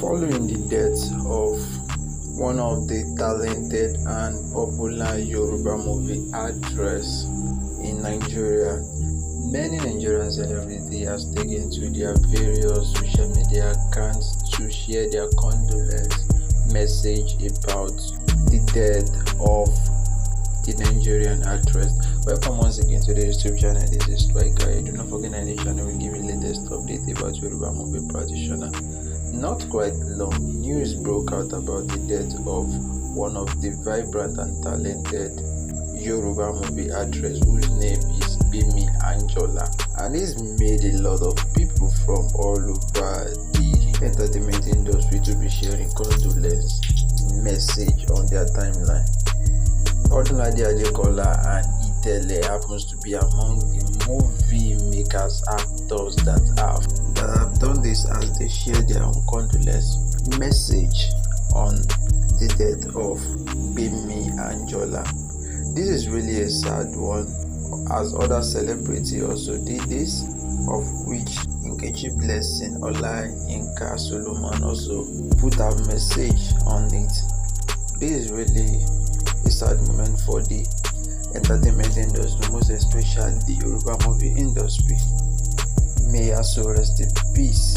Following the death of one of the talented and popular Yoruba movie actress in Nigeria, many Nigerian celebrities have taken to their various social media accounts to share their condolence message about the death of the Nigerian actress. Welcome once again to the YouTube channel. This is Striker. Do not forget any channel will give you latest update about Yoruba movie practitioner. Not quite long, news broke out about the death of one of the vibrant and talented Yoruba movie actress whose name is Bimi Anjola and this made a lot of people from all over the entertainment industry to be sharing condolence message on their timeline. Odunlade Adekola and Itele happens to be among the movie makers, actors that have that have done this as they share their uncondolence message on the death of Bimi Anjola. This is really a sad one, as other celebrities also did this, of which Nkechi Blessing Olai, Inka Solomon also put a message on it. This is really a sad moment for the entertainment industry, most especially the Yoruba movie industry. May her soul rest in peace.